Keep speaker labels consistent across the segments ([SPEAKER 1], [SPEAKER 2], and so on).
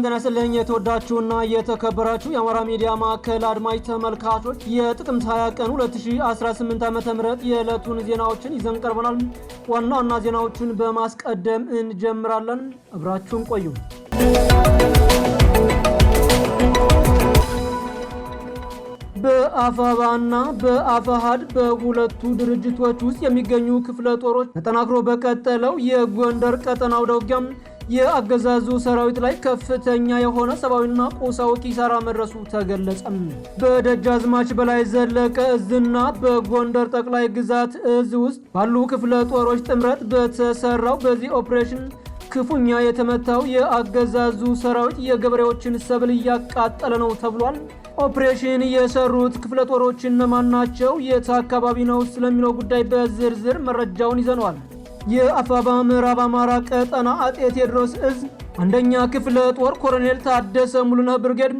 [SPEAKER 1] ሰላም ጤና ይስጥልኝ የተወዳችሁና የተከበራችሁ የአማራ ሚዲያ ማዕከል አድማጭ ተመልካቾች የጥቅምት 20 ቀን 2018 ዓ.ም የዕለቱን ዜናዎችን ይዘን ቀርበናል። ዋና ዋና ዜናዎቹን በማስቀደም እንጀምራለን። አብራችሁን ቆዩ። በአፋባና በአፋሃድ በሁለቱ ድርጅቶች ውስጥ የሚገኙ ክፍለ ጦሮች ተጠናክሮ በቀጠለው የጎንደር ቀጠና አውደ የአገዛዙ ሰራዊት ላይ ከፍተኛ የሆነ ሰብአዊና ቁሳዊ ኪሳራ መድረሱ ተገለጸም። በደጃዝማች በላይ ዘለቀ እዝና በጎንደር ጠቅላይ ግዛት እዝ ውስጥ ባሉ ክፍለ ጦሮች ጥምረት በተሰራው በዚህ ኦፕሬሽን ክፉኛ የተመታው የአገዛዙ ሰራዊት የገበሬዎችን ሰብል እያቃጠለ ነው ተብሏል። ኦፕሬሽን የሰሩት ክፍለ ጦሮች እነማን ናቸው? የት አካባቢ ነው ስለሚለው ጉዳይ በዝርዝር መረጃውን ይዘነዋል። የአፋባ ምዕራብ አማራ ቀጠና አጤ ቴዎድሮስ እዝ አንደኛ ክፍለ ጦር ኮሎኔል ታደሰ ሙሉነህ ብርጌድ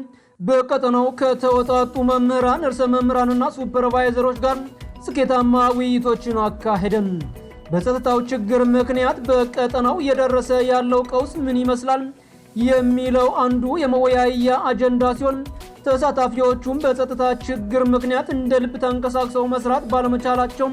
[SPEAKER 1] በቀጠናው ከተወጣጡ መምህራን፣ እርሰ መምህራንና ሱፐርቫይዘሮች ጋር ስኬታማ ውይይቶችን አካሄደም። በጸጥታው ችግር ምክንያት በቀጠናው እየደረሰ ያለው ቀውስ ምን ይመስላል የሚለው አንዱ የመወያያ አጀንዳ ሲሆን ተሳታፊዎቹም በጸጥታ ችግር ምክንያት እንደ ልብ ተንቀሳቅሰው መስራት ባለመቻላቸው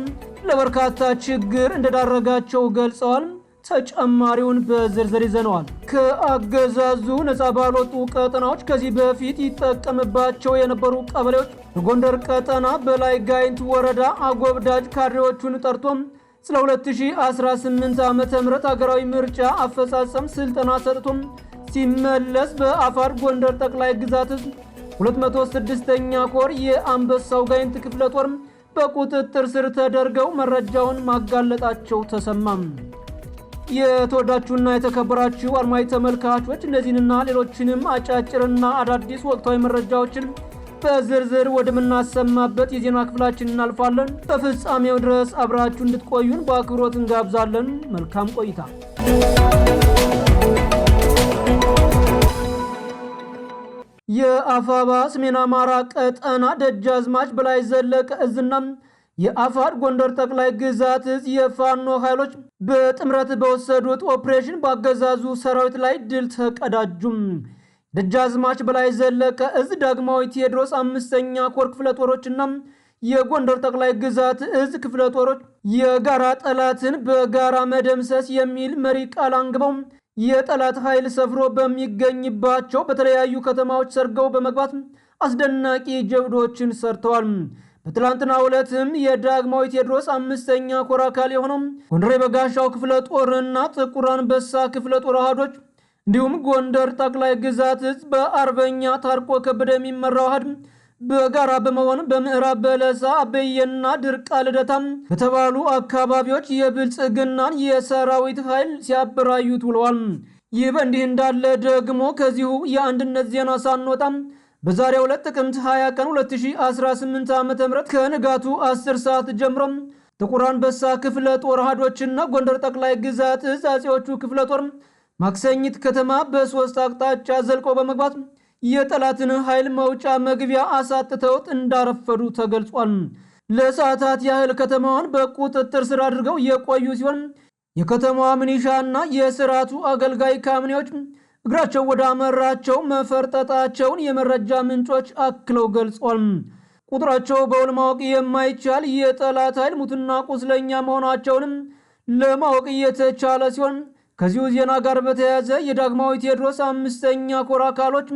[SPEAKER 1] ለበርካታ ችግር እንደዳረጋቸው ገልጸዋል። ተጨማሪውን በዝርዝር ይዘነዋል። ከአገዛዙ ነፃ ባልወጡ ቀጠናዎች ከዚህ በፊት ይጠቀምባቸው የነበሩ ቀበሌዎች በጎንደር ቀጠና በላይ ጋይንት ወረዳ አጎብዳጅ ካድሬዎቹን ጠርቶም ስለ 2018 ዓ ም ሀገራዊ ምርጫ አፈጻጸም ስልጠና ሰጥቶም ሲመለስ በአፋር ጎንደር ጠቅላይ ግዛት 206ኛ ኮር የአንበሳው ጋይንት ክፍለ ጦር በቁጥጥር ስር ተደርገው መረጃውን ማጋለጣቸው ተሰማም። የተወዳችሁና የተከበራችሁ አድማጭ ተመልካቾች እነዚህንና ሌሎችንም አጫጭርና አዳዲስ ወቅታዊ መረጃዎችን በዝርዝር ወደምናሰማበት የዜና ክፍላችን እናልፋለን። በፍጻሜው ድረስ አብራችሁ እንድትቆዩን በአክብሮት እንጋብዛለን። መልካም ቆይታ የአፋባ ሰሜን አማራ ቀጠና ደጃዝማች በላይ ዘለቀ እዝና የአፋድ ጎንደር ጠቅላይ ግዛት እዝ የፋኖ ኃይሎች በጥምረት በወሰዱት ኦፕሬሽን በአገዛዙ ሰራዊት ላይ ድል ተቀዳጁም። ደጃዝማች በላይ ዘለቀ እዝ ዳግማዊ ቴዎድሮስ አምስተኛ ኮር ክፍለ ጦሮችና የጎንደር ጠቅላይ ግዛት እዝ ክፍለ ጦሮች የጋራ ጠላትን በጋራ መደምሰስ የሚል መሪ ቃል አንግበው የጠላት ኃይል ሰፍሮ በሚገኝባቸው በተለያዩ ከተማዎች ሰርገው በመግባት አስደናቂ ጀብዶችን ሰርተዋል። በትላንትና ዕለትም የዳግማዊ ቴዎድሮስ አምስተኛ ኮር አካል የሆነው ጎንደር የበጋሻው ክፍለ ጦርና ጥቁር አንበሳ ክፍለ ጦር አሃዶች እንዲሁም ጎንደር ጠቅላይ ግዛት በአርበኛ ታርቆ ከበደ የሚመራው አሃድ በጋራ በመሆን በምዕራብ በለሳ፣ አበየና፣ ድርቃ ልደታም በተባሉ አካባቢዎች የብልጽግናን የሰራዊት ኃይል ሲያበራዩት ውለዋል። ይህ በእንዲህ እንዳለ ደግሞ ከዚሁ የአንድነት ዜና ሳንወጣም በዛሬ ሁለት ጥቅምት 20 ቀን 2018 ዓ.ም ከንጋቱ 10 ሰዓት ጀምሮ ጥቁር አንበሳ ክፍለ ጦር ሃዶችና ጎንደር ጠቅላይ ግዛት እዝ አጼዎቹ ክፍለ ጦር ማክሰኝት ከተማ በሶስት አቅጣጫ ዘልቆ በመግባት የጠላትን ኃይል መውጫ መግቢያ አሳጥተውት እንዳረፈዱ ተገልጿል። ለሰዓታት ያህል ከተማዋን በቁጥጥር ስር አድርገው የቆዩ ሲሆን የከተማዋ ምኒሻና የስርዓቱ አገልጋይ ካምኔዎች እግራቸው ወደ አመራቸው መፈርጠጣቸውን የመረጃ ምንጮች አክለው ገልጿል። ቁጥራቸው በውል ማወቅ የማይቻል የጠላት ኃይል ሙትና ቁስለኛ መሆናቸውንም ለማወቅ እየተቻለ ሲሆን ከዚሁ ዜና ጋር በተያያዘ የዳግማዊ ቴዎድሮስ አምስተኛ ኮር አካሎች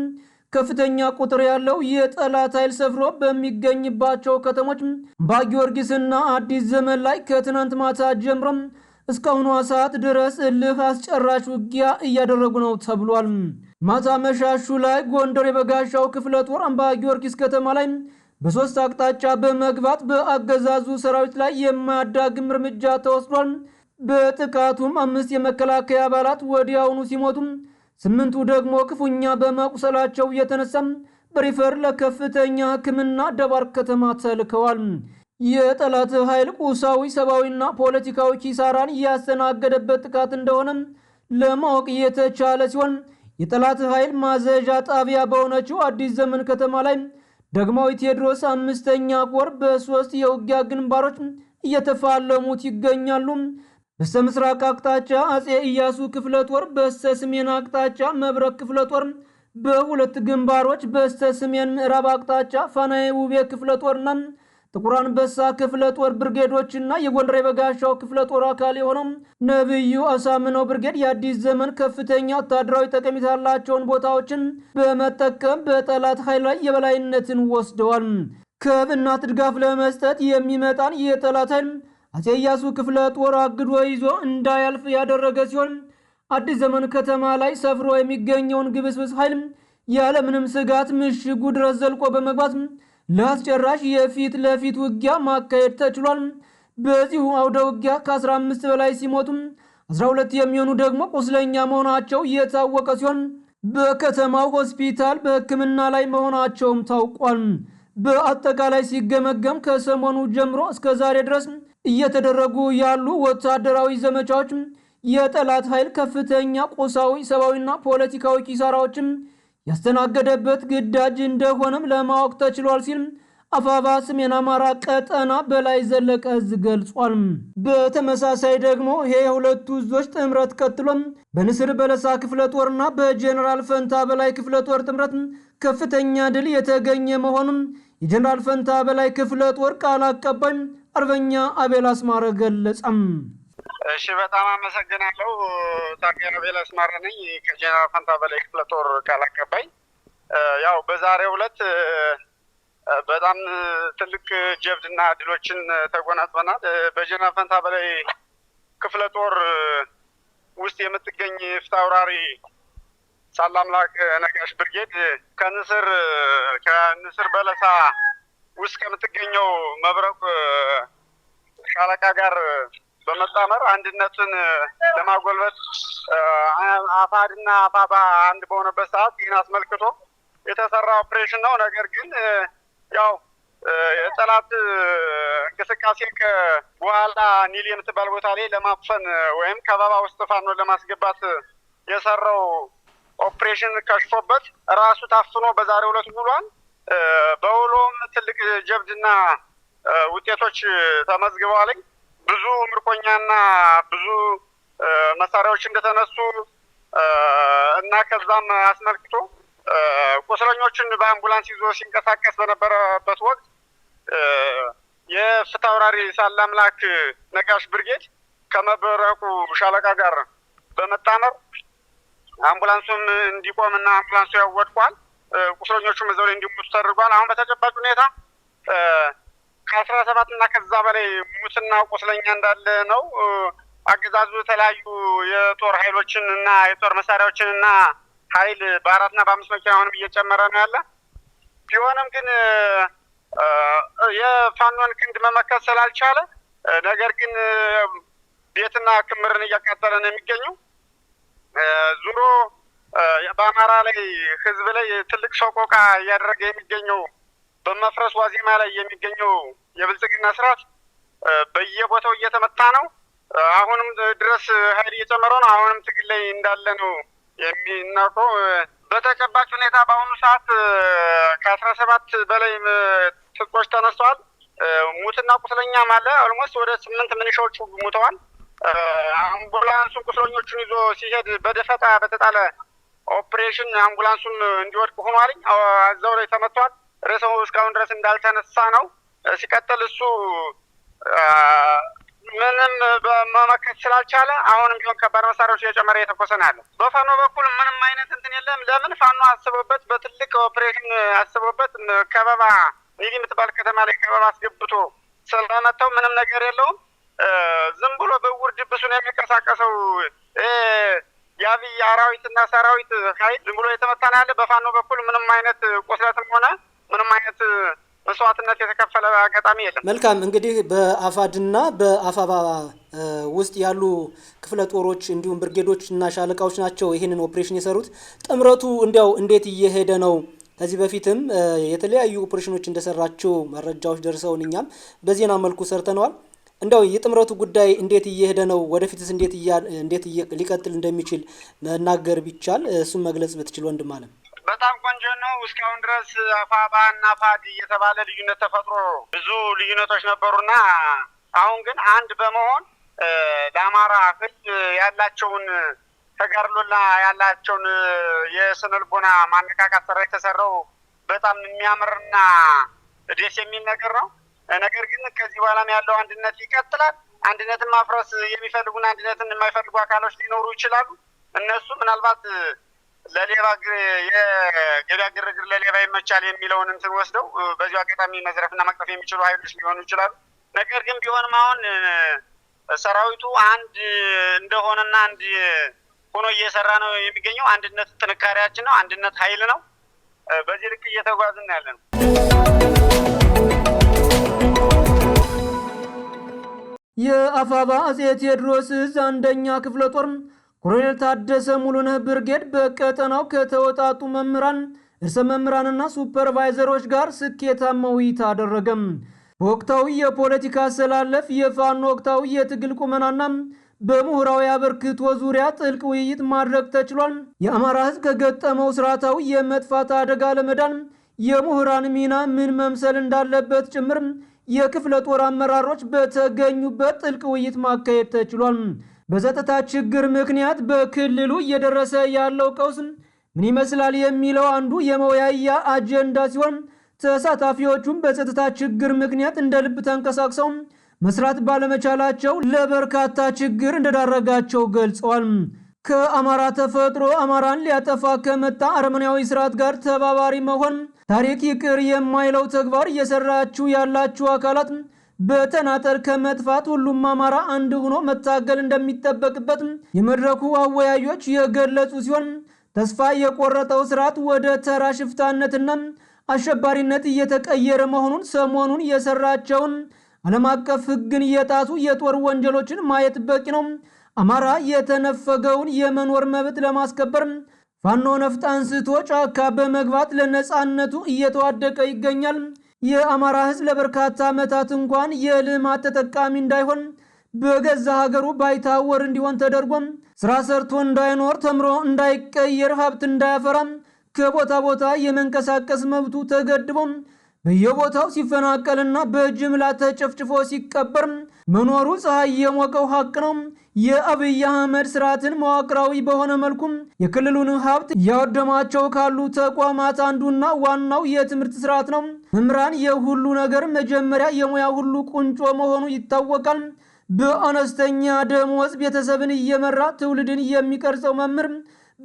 [SPEAKER 1] ከፍተኛ ቁጥር ያለው የጠላት ኃይል ሰፍሮ በሚገኝባቸው ከተሞች በጊዮርጊስና አዲስ ዘመን ላይ ከትናንት ማታ ጀምሮ እስካሁኗ ሰዓት ድረስ እልፍ አስጨራሽ ውጊያ እያደረጉ ነው ተብሏል። ማታ መሻሹ ላይ ጎንደር የበጋሻው ክፍለ ጦር አምባ ጊዮርጊስ ከተማ ላይ በሶስት አቅጣጫ በመግባት በአገዛዙ ሰራዊት ላይ የማያዳግም እርምጃ ተወስዷል። በጥቃቱም አምስት የመከላከያ አባላት ወዲያውኑ ሲሞቱም ስምንቱ ደግሞ ክፉኛ በመቁሰላቸው የተነሳ በሪፈር ለከፍተኛ ሕክምና ደባር ከተማ ተልከዋል። የጠላት ኃይል ቁሳዊ ሰብአዊና ፖለቲካዊ ኪሳራን እያስተናገደበት ጥቃት እንደሆነ ለማወቅ የተቻለ ሲሆን የጠላት ኃይል ማዘዣ ጣቢያ በሆነችው አዲስ ዘመን ከተማ ላይ ዳግማዊ ቴዎድሮስ አምስተኛ ኮር በሶስት የውጊያ ግንባሮች እየተፋለሙት ይገኛሉ። በስተ ምስራቅ አቅጣጫ አጼ ኢያሱ ክፍለ ጦር፣ በስተ ሰሜን አቅጣጫ መብረቅ ክፍለ ጦር በሁለት ግንባሮች በስተ ሰሜን ምዕራብ አቅጣጫ ፋናዬ ውቤ ክፍለ ጦርና ጥቁር አንበሳ ክፍለ ጦር ብርጌዶችና የጎንደር የበጋሻው ክፍለ ጦር አካል የሆነው ነብዩ አሳምነው ብርጌድ የአዲስ ዘመን ከፍተኛ ወታደራዊ ጠቀሜታ ያላቸውን ቦታዎችን በመጠቀም በጠላት ኃይል ላይ የበላይነትን ወስደዋል። ከብናት ድጋፍ ለመስጠት የሚመጣን የጠላት ኃይል አጼ ኢያሱ ክፍለ ጦር አግዶ ይዞ እንዳያልፍ ያደረገ ሲሆን አዲስ ዘመን ከተማ ላይ ሰፍሮ የሚገኘውን ግብስብስ ኃይል ያለምንም ስጋት ምሽጉ ድረስ ዘልቆ በመግባት ለአስጨራሽ የፊት ለፊት ውጊያ ማካሄድ ተችሏል። በዚሁ አውደ ውጊያ ከ15 በላይ ሲሞቱ 12 የሚሆኑ ደግሞ ቁስለኛ መሆናቸው እየታወቀ ሲሆን በከተማው ሆስፒታል በሕክምና ላይ መሆናቸውም ታውቋል። በአጠቃላይ ሲገመገም ከሰሞኑ ጀምሮ እስከ ዛሬ ድረስ እየተደረጉ ያሉ ወታደራዊ ዘመቻዎች የጠላት ኃይል ከፍተኛ ቁሳዊ፣ ሰብአዊና ፖለቲካዊ ኪሳራዎችም ያስተናገደበት ግዳጅ እንደሆነም ለማወቅ ተችሏል ሲል አፋባ ሰሜን አማራ ቀጠና በላይ ዘለቀ እዝ ገልጿል። በተመሳሳይ ደግሞ ይሄ የሁለቱ እዞች ጥምረት ቀጥሎም በንስር በለሳ ክፍለ ጦርና በጀኔራል ፈንታ በላይ ክፍለ ጦር ጥምረት ከፍተኛ ድል የተገኘ መሆኑም የጀኔራል ፈንታ በላይ ክፍለ ጦር ቃል አቀባይ አርበኛ አቤል አስማረ ገለጸም።
[SPEAKER 2] እሺ በጣም አመሰግናለሁ። ታቂ አቤል አስማረ ነኝ ከጀነራል ፈንታ በላይ ክፍለ ጦር ቃል አቀባይ። ያው በዛሬው ዕለት በጣም ትልቅ ጀብድና ድሎችን ተጎናጽፈናል። በጀነራል ፈንታ በላይ ክፍለ ጦር ውስጥ የምትገኝ ፊታውራሪ ሳላምላክ ነጋሽ ብርጌድ ከንስር ከንስር በለሳ ውስጥ ከምትገኘው መብረቅ ሻለቃ ጋር በመጣመር አንድነትን ለማጎልበት አፋድና አፋባ አንድ በሆነበት ሰዓት ይህን አስመልክቶ የተሰራ ኦፕሬሽን ነው። ነገር ግን ያው የጠላት እንቅስቃሴ ከበኋላ ኒል የምትባል ቦታ ላይ ለማፈን ወይም ከበባ ውስጥ ፋኖን ለማስገባት የሰራው ኦፕሬሽን ከሽፎበት ራሱ ታፍኖ በዛሬው ዕለት ውሏል። በውሎም ትልቅ ጀብድና ውጤቶች ተመዝግበዋል። ብዙ ምርኮኛና ብዙ መሳሪያዎች እንደተነሱ እና ከዛም አስመልክቶ ቁስለኞችን በአምቡላንስ ይዞ ሲንቀሳቀስ በነበረበት ወቅት የፍትሐ አውራሪ ሳለ አምላክ ነጋሽ ብርጌድ ከመብረቁ ሻለቃ ጋር በመጣመር አምቡላንሱም እንዲቆም እና አምቡላንሱ ያወድቋል። ቁስለኞቹም እዛው ላይ እንዲሞቱ ተደርጓል። አሁን በተጨባጭ ሁኔታ ከአስራ ሰባት እና ከዛ በላይ ሙትና ቁስለኛ እንዳለ ነው። አገዛዙ የተለያዩ የጦር ኃይሎችን እና የጦር መሳሪያዎችን እና ኃይል በአራትና በአምስት መኪና አሁንም እየጨመረ ነው ያለ ቢሆንም ግን የፋኖን ክንድ መመከት ስላልቻለ ነገር ግን ቤትና ክምርን እያቃጠለ ነው የሚገኘው ዙሮ በአማራ ላይ ህዝብ ላይ ትልቅ ሰቆቃ እያደረገ የሚገኘው በመፍረስ ዋዜማ ላይ የሚገኘው የብልጽግና ስርዓት በየቦታው እየተመታ ነው። አሁንም ድረስ ኃይል እየጨመረ ነው። አሁንም ትግል ላይ እንዳለ ነው የሚናቀው። በተጨባጭ ሁኔታ በአሁኑ ሰዓት ከአስራ ሰባት በላይ ትጥቆች ተነስተዋል። ሙትና ቁስለኛም አለ። ኦልሞስት ወደ ስምንት ምንሻዎቹ ሙተዋል። አምቡላንሱ ቁስለኞቹን ይዞ ሲሄድ በደፈጣ በተጣለ ኦፕሬሽን አምቡላንሱም እንዲወድቅ ሆኗል። እዛው ላይ ተመቷል። ሬሳው እስካሁን ድረስ እንዳልተነሳ ነው። ሲቀጥል እሱ ምንም መመከት ስላልቻለ አሁንም ቢሆን ከባድ መሳሪያዎች እየጨመረ እየተኮሰ ነው ያለ። በፋኖ በኩል ምንም አይነት እንትን የለም። ለምን ፋኖ አስቦበት በትልቅ ኦፕሬሽን አስቦበት ከበባ ኒዲ የምትባል ከተማ ላይ ከበባ አስገብቶ ስለመተው ምንም ነገር የለውም። ዝም ብሎ ብውር ድብሱን የሚንቀሳቀሰው የአብይ አራዊትና ሰራዊት ኃይል ዝም ብሎ የተመታን ያለ በፋኖ በኩል ምንም አይነት ቁስለትም ሆነ ምንም አይነት መስዋዕትነት የተከፈለ አጋጣሚ የለም።
[SPEAKER 1] መልካም እንግዲህ በአፋድና በአፋባ ውስጥ ያሉ ክፍለ ጦሮች እንዲሁም ብርጌዶች እና ሻለቃዎች ናቸው ይህንን ኦፕሬሽን የሰሩት። ጥምረቱ እንዲያው እንዴት እየሄደ ነው? ከዚህ በፊትም የተለያዩ ኦፕሬሽኖች እንደሰራችው መረጃዎች ደርሰውን እኛም በዜና መልኩ ሰርተነዋል። እንደው የጥምረቱ ጉዳይ እንዴት እየሄደ ነው? ወደፊትስ እንዴት እንዴት ሊቀጥል እንደሚችል መናገር ቢቻል እሱን መግለጽ ብትችል ወንድም አለም።
[SPEAKER 2] በጣም ቆንጆ ነው። እስካሁን ድረስ አፋባ እና ፋድ እየተባለ ልዩነት ተፈጥሮ ብዙ ልዩነቶች ነበሩና አሁን ግን አንድ በመሆን ለአማራ ሕዝብ ያላቸውን ተጋድሎና ያላቸውን የስነ ልቦና ማነቃቃት ስራ የተሰራው በጣም የሚያምርና ደስ የሚል ነገር ነው። ነገር ግን ከዚህ በኋላም ያለው አንድነት ይቀጥላል። አንድነትን ማፍረስ የሚፈልጉና አንድነትን የማይፈልጉ አካሎች ሊኖሩ ይችላሉ። እነሱ ምናልባት ለሌባ የገበያ ግርግር ለሌባ ይመቻል የሚለውን እንትን ወስደው በዚሁ አጋጣሚ መዝረፍና መቅረፍ የሚችሉ ኃይሎች ሊሆኑ ይችላሉ። ነገር ግን ቢሆንም አሁን ሰራዊቱ አንድ እንደሆነና አንድ ሆኖ እየሰራ ነው የሚገኘው። አንድነት ጥንካሬያችን ነው። አንድነት ኃይል ነው። በዚህ ልክ እየተጓዝን ያለ ነው።
[SPEAKER 1] የአፋባ አጼ ቴዎድሮስ እዝ አንደኛ ክፍለ ጦር ኮሎኔል ታደሰ ሙሉነህ ብርጌድ በቀጠናው ከተወጣጡ መምህራን እርሰ መምህራንና ሱፐርቫይዘሮች ጋር ስኬታማ ውይይት አደረገም። በወቅታዊ የፖለቲካ አሰላለፍ፣ የፋኖ ወቅታዊ የትግል ቁመናና በምሁራዊ አበርክቶ ዙሪያ ጥልቅ ውይይት ማድረግ ተችሏል። የአማራ ህዝብ ከገጠመው ስርዓታዊ የመጥፋት አደጋ ለመዳን የምሁራን ሚና ምን መምሰል እንዳለበት ጭምር የክፍለ ጦር አመራሮች በተገኙበት ጥልቅ ውይይት ማካሄድ ተችሏል። በጸጥታ ችግር ምክንያት በክልሉ እየደረሰ ያለው ቀውስ ምን ይመስላል የሚለው አንዱ የመወያያ አጀንዳ ሲሆን ተሳታፊዎቹም በጸጥታ ችግር ምክንያት እንደ ልብ ተንቀሳቅሰው መስራት ባለመቻላቸው ለበርካታ ችግር እንደዳረጋቸው ገልጸዋል። ከአማራ ተፈጥሮ አማራን ሊያጠፋ ከመጣ አረመኔያዊ ስርዓት ጋር ተባባሪ መሆን ታሪክ ይቅር የማይለው ተግባር እየሰራችሁ ያላችሁ አካላት በተናጠል ከመጥፋት ሁሉም አማራ አንድ ሆኖ መታገል እንደሚጠበቅበት የመድረኩ አወያዮች የገለጹ ሲሆን ተስፋ የቆረጠው ስርዓት ወደ ተራ ሽፍታነትና አሸባሪነት እየተቀየረ መሆኑን ሰሞኑን የሰራቸውን ዓለም አቀፍ ሕግን የጣሱ የጦር ወንጀሎችን ማየት በቂ ነው። አማራ የተነፈገውን የመኖር መብት ለማስከበር ፋኖ ነፍጥ አንስቶ ጫካ በመግባት ለነፃነቱ እየተዋደቀ ይገኛል። የአማራ ሕዝብ ለበርካታ ዓመታት እንኳን የልማት ተጠቃሚ እንዳይሆን በገዛ ሀገሩ ባይታወር እንዲሆን ተደርጎ ስራ ሰርቶ እንዳይኖር ተምሮ እንዳይቀየር ሀብት እንዳያፈራ ከቦታ ቦታ የመንቀሳቀስ መብቱ ተገድቦ በየቦታው ሲፈናቀልና በጅምላ ተጨፍጭፎ ሲቀበር መኖሩ ፀሐይ የሞቀው ሀቅ ነው። የአብይ አህመድ ስርዓትን መዋቅራዊ በሆነ መልኩም የክልሉን ሀብት ያወደማቸው ካሉ ተቋማት አንዱና ዋናው የትምህርት ስርዓት ነው። መምህራን የሁሉ ነገር መጀመሪያ፣ የሙያ ሁሉ ቁንጮ መሆኑ ይታወቃል። በአነስተኛ ደሞዝ ቤተሰብን እየመራ ትውልድን የሚቀርጸው መምህር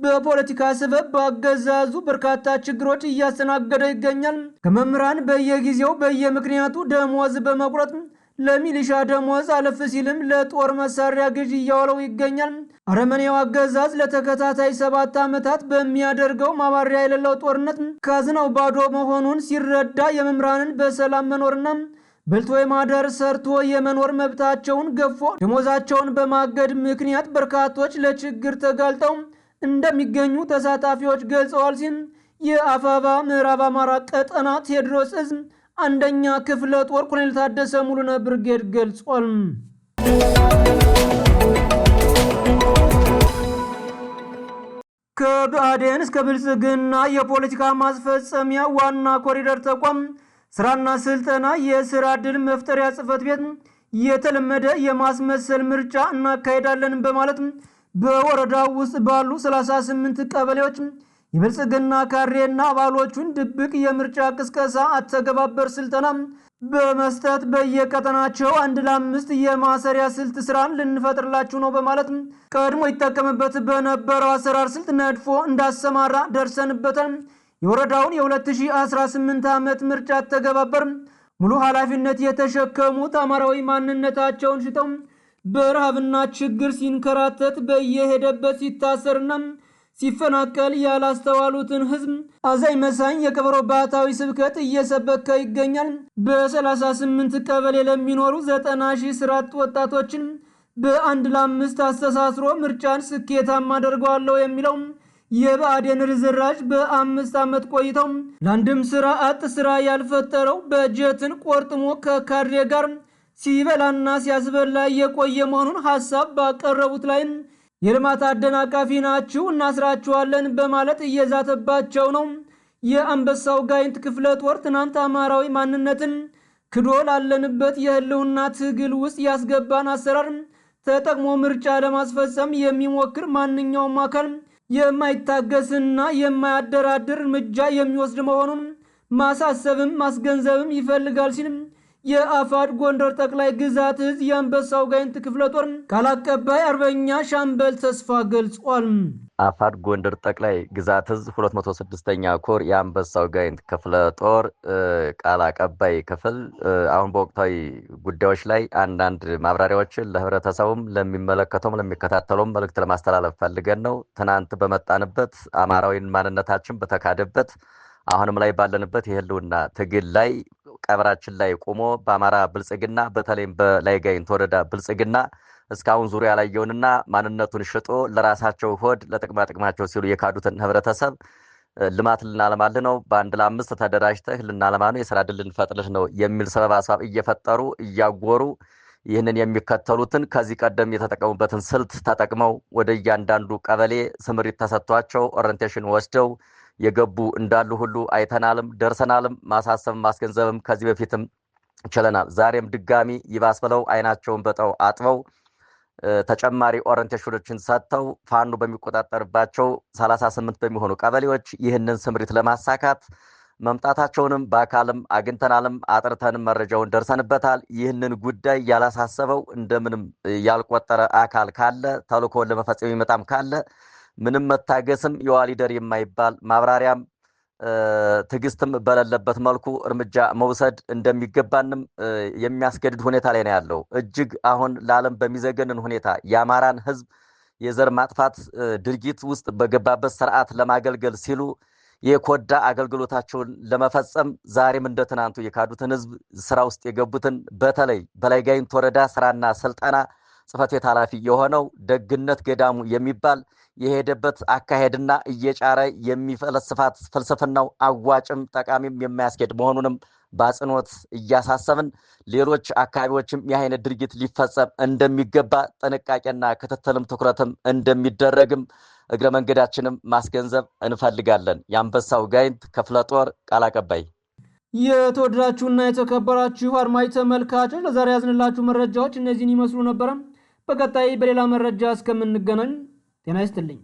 [SPEAKER 1] በፖለቲካ ስበብ በአገዛዙ በርካታ ችግሮች እያስተናገደ ይገኛል። ከመምህራን በየጊዜው በየምክንያቱ ደሞዝ በመቁረጥ ለሚሊሻ ደሞዝ አለፍ ሲልም ለጦር መሳሪያ ግዥ እያዋለው ይገኛል። አረመኔው አገዛዝ ለተከታታይ ሰባት ዓመታት በሚያደርገው ማባሪያ የሌለው ጦርነት ካዝናው ባዶ መሆኑን ሲረዳ የመምህራንን በሰላም መኖርና በልቶ የማደር ሰርቶ የመኖር መብታቸውን ገፎ ደሞዛቸውን በማገድ ምክንያት በርካቶች ለችግር ተጋልጠው እንደሚገኙ ተሳታፊዎች ገልጸዋል ሲል የአፋባ ምዕራብ አማራ ቀጠና ቴዎድሮስ እዝም አንደኛ ክፍለ ጦር ኮሎኔል ታደሰ ሙሉነ ብርጌድ ገልጿል። ከብአዴን እስከ ብልጽግና የፖለቲካ ማስፈጸሚያ ዋና ኮሪደር ተቋም ስራና ስልጠና የስራ ዕድል መፍጠሪያ ጽህፈት ቤት የተለመደ የማስመሰል ምርጫ እናካሄዳለን በማለት በወረዳ ውስጥ ባሉ 38 ቀበሌዎች የብልጽግና ካሬና አባሎቹን ድብቅ የምርጫ ቅስቀሳ አተገባበር ስልጠና በመስጠት በየቀጠናቸው አንድ ለአምስት የማሰሪያ ስልት ስራን ልንፈጥርላችሁ ነው በማለት ቀድሞ ይጠቀምበት በነበረው አሰራር ስልት ነድፎ እንዳሰማራ ደርሰንበታል። የወረዳውን የ2018 ዓመት ምርጫ አተገባበር ሙሉ ኃላፊነት የተሸከሙት አማራዊ ማንነታቸውን ሽተው በረሃብና ችግር ሲንከራተት በየሄደበት ሲታሰርና ሲፈናቀል ያላስተዋሉትን ህዝብ አዛኝ መሳኝ የከበሮ ባህታዊ ስብከት እየሰበከ ይገኛል። በ38 ቀበሌ ለሚኖሩ 90 ሺህ ስራ አጥ ወጣቶችን በአንድ ለአምስት አስተሳስሮ ምርጫን ስኬታማ አደርገዋለሁ የሚለው የብአዴን ርዝራዥ በአምስት ዓመት ቆይተው ለአንድም ስራ አጥ ስራ ያልፈጠረው በጀትን ቆርጥሞ ከካድሬ ጋር ሲበላና ሲያስበላ የቆየ መሆኑን ሀሳብ ባቀረቡት ላይም የልማት አደናቃፊ ናችሁ እናስራችኋለን በማለት እየዛተባቸው ነው። የአንበሳው ጋይንት ክፍለ ጦር ትናንት አማራዊ ማንነትን ክዶ ላለንበት የህልውና ትግል ውስጥ ያስገባን አሰራር ተጠቅሞ ምርጫ ለማስፈጸም የሚሞክር ማንኛውም አካል የማይታገስና የማያደራድር እርምጃ የሚወስድ መሆኑን ማሳሰብም ማስገንዘብም ይፈልጋል ሲል የአፋድ ጎንደር ጠቅላይ ግዛት እዝ የአንበሳው ጋይንት ክፍለ ጦር ቃል አቀባይ አርበኛ ሻምበል ተስፋ ገልጿል።
[SPEAKER 3] አፋድ ጎንደር ጠቅላይ ግዛት እዝ 206ኛ ኮር የአንበሳው ጋይንት ክፍለ ጦር ቃል አቀባይ ክፍል አሁን በወቅታዊ ጉዳዮች ላይ አንዳንድ ማብራሪያዎችን ለህብረተሰቡም ለሚመለከተውም ለሚከታተለውም መልእክት ለማስተላለፍ ፈልገን ነው። ትናንት በመጣንበት አማራዊን ማንነታችን በተካደበት አሁንም ላይ ባለንበት የህልውና ትግል ላይ ቀብራችን ላይ ቆሞ በአማራ ብልጽግና በተለይም በላይጋይንት ወረዳ ብልጽግና እስካሁን ዙሪያ ያላየውንና ማንነቱን ሽጦ ለራሳቸው ሆድ ለጥቅማ ጥቅማቸው ሲሉ የካዱትን ህብረተሰብ ልማት ልናለማልህ ነው፣ በአንድ ለአምስት ተደራጅተህ ልናለማ ነው፣ የስራ ድል ልንፈጥርልህ ነው የሚል ሰበብ አስባብ እየፈጠሩ እያጎሩ ይህንን የሚከተሉትን ከዚህ ቀደም የተጠቀሙበትን ስልት ተጠቅመው ወደ እያንዳንዱ ቀበሌ ስምሪት ተሰጥቷቸው ኦሪንቴሽን ወስደው የገቡ እንዳሉ ሁሉ አይተናልም፣ ደርሰናልም፣ ማሳሰብም ማስገንዘብም ከዚህ በፊትም ችለናል። ዛሬም ድጋሚ ይባስ ብለው አይናቸውን በጠው አጥበው ተጨማሪ ኦሪንቴሽኖችን ሰጥተው ፋኖ በሚቆጣጠርባቸው 38 በሚሆኑ ቀበሌዎች ይህንን ስምሪት ለማሳካት መምጣታቸውንም በአካልም አግኝተናልም አጥርተንም መረጃውን ደርሰንበታል። ይህንን ጉዳይ ያላሳሰበው እንደምንም ያልቆጠረ አካል ካለ ተልእኮውን ለመፈጸም ይመጣም ካለ ምንም መታገስም የዋ ሊደር የማይባል ማብራሪያም ትዕግስትም በሌለበት መልኩ እርምጃ መውሰድ እንደሚገባንም የሚያስገድድ ሁኔታ ላይ ነው ያለው። እጅግ አሁን ለዓለም በሚዘገንን ሁኔታ የአማራን ሕዝብ የዘር ማጥፋት ድርጊት ውስጥ በገባበት ስርዓት ለማገልገል ሲሉ የኮዳ አገልግሎታቸውን ለመፈጸም ዛሬም እንደ ትናንቱ የካዱትን ሕዝብ ስራ ውስጥ የገቡትን በተለይ በላይ ጋይንት ወረዳ ስራና ስልጠና ጽህፈት ቤት ኃላፊ የሆነው ደግነት ገዳሙ የሚባል የሄደበት አካሄድና እየጫረ የሚፈለስፋት ፍልስፍናው አዋጭም ጠቃሚም የማያስኬድ መሆኑንም በአጽንኦት እያሳሰብን ሌሎች አካባቢዎችም ይህ አይነት ድርጊት ሊፈጸም እንደሚገባ ጥንቃቄና ክትትልም ትኩረትም እንደሚደረግም እግረ መንገዳችንም ማስገንዘብ እንፈልጋለን። የአንበሳው ጋይንት ክፍለ ጦር ቃል አቀባይ።
[SPEAKER 1] የተወደዳችሁና የተከበራችሁ አድማጭ ተመልካቾች ለዛሬ ያዝንላችሁ መረጃዎች እነዚህን ይመስሉ ነበረም። በቀጣይ በሌላ መረጃ እስከምንገናኝ ጤና ይስጥልኝ።